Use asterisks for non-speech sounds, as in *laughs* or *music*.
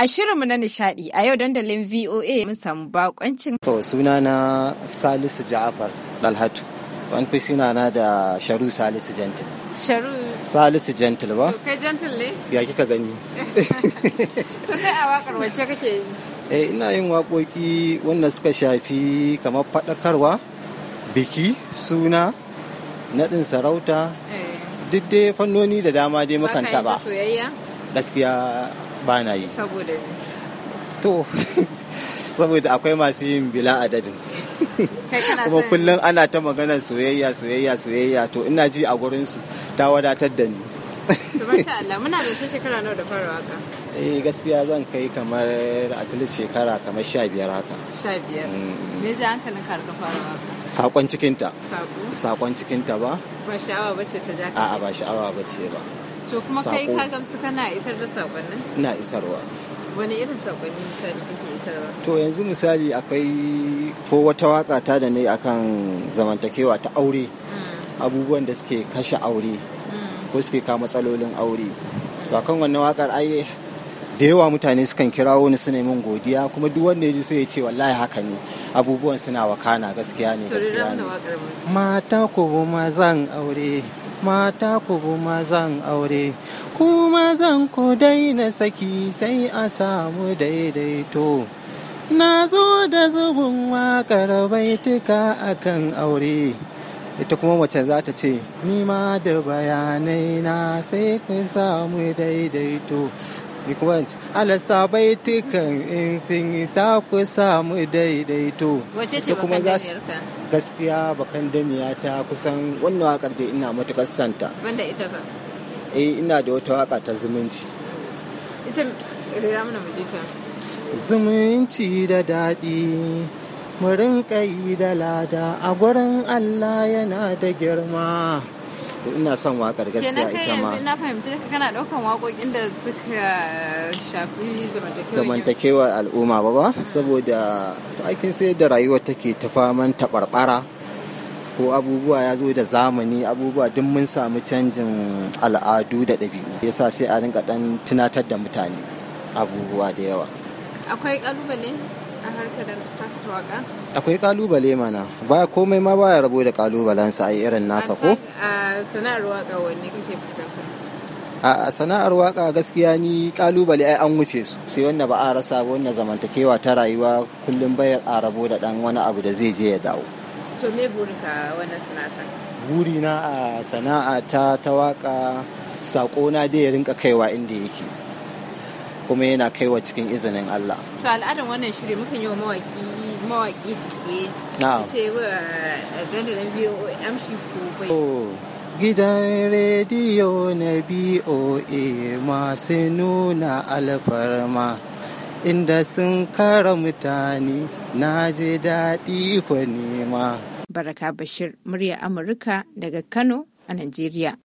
A shirinmu na nishadi a yau dandalin VOA mun samu bakoncin. To suna na Salisu Ja'afar Dalhatu. Wani fi suna na da Sharu Salisu Gentle. Sharu Salisu Gentle ba? Kai Gentle ne? Ya kika gani. *laughs* To kai a wakar wace kake yi? Eh ina yin waƙoƙi wanda suka shafi kamar faɗakarwa, biki, suna, naɗin sarauta, eh. duk dai fannoni da dama dai mukan taɓa. Gaskiya ba na yi saboda to *laughs* saboda akwai masu yin bila adadin kuma kullum ana ta maganar soyayya soyayya soyayya to ina ji a gurinsu ta wadatar da ni Allah muna da shekara nawa da fara waka eh gaskiya zan kai kamar at least shekara kamar sha biyar haka sha biyar mm, mm. me ji hankalin ka ka fara waka sakon cikinta sakon cikinta ba ba sha'awa bace ta ja a'a ba sha'awa bace ba to kuma kai ka gamsu kana isar da ina isarwa wani irin sakonni misali kake isarwa to yanzu misali akwai ko wata waka ta da ne akan zamantakewa ta aure mm. abubuwan da suke kashe aure ko suke ka matsalolin aure ba kan wannan wakar ai da yawa mutane sukan kirawo ni suna min godiya kuma duk wanda ya ji sai ya ce wallahi haka ne abubuwan suna wakana gaskiya ne gaskiya ne mata ko zan aure mata ku kuma zan aure kuma zan ku daina saki sai a samu daidaito na zo da zubin waƙar baituka akan aure ita kuma mace za ta ce nima da bayanai na sai ku samu daidaito alasa baitukan in sun yi sa ku samu daidaito wace ce bakan za su gaskiya bakan damiya ta kusan wannan wakar da ina matukar santa banda ita ba eh ina da wata waka ta zumunci ita rira mana mu zumunci da daɗi mu kai yi da lada a gurin Allah yana da girma to ina son wakar gaskiya ita ma kenan na fahimci kana ɗaukan waƙoƙin da suka shafi zamantakewar al'umma ba ba saboda to aikin sai da rayuwa take ta faman taɓarɓara ko abubuwa ya zo da zamani abubuwa duk mun samu canjin al'adu da ɗabi'u yasa sai a rinka ɗan tunatar da mutane abubuwa da yawa akwai ƙalubale a harkar ta waka akwai kalubale mana baya komai ma baya rabo da kalubalensa a irin nasa ko a ah, sana'ar waka wanne kake fuskanta a sana'ar waka gaskiya ni kalubale ai an wuce su sai wanda ba a rasa ba wanda zamantakewa ta rayuwa kullum bai a rabo da dan wani abu da zai je ya dawo to me burinka wannan sana'a burina a sana'a ta ta waka na dai ya rinka kaiwa inda yake kuma yana kai wa cikin izinin Allah. To al'adar wannan shiri muka yi wa mawaki mawaki tsaye. Eh, na. Ce wa dandalin ko bai. Gidan rediyo na BOA masu nuna alfarma inda sun kara mutane na ji daɗi kwa nema. Baraka Bashir, murya Amurka daga Kano a Najeriya.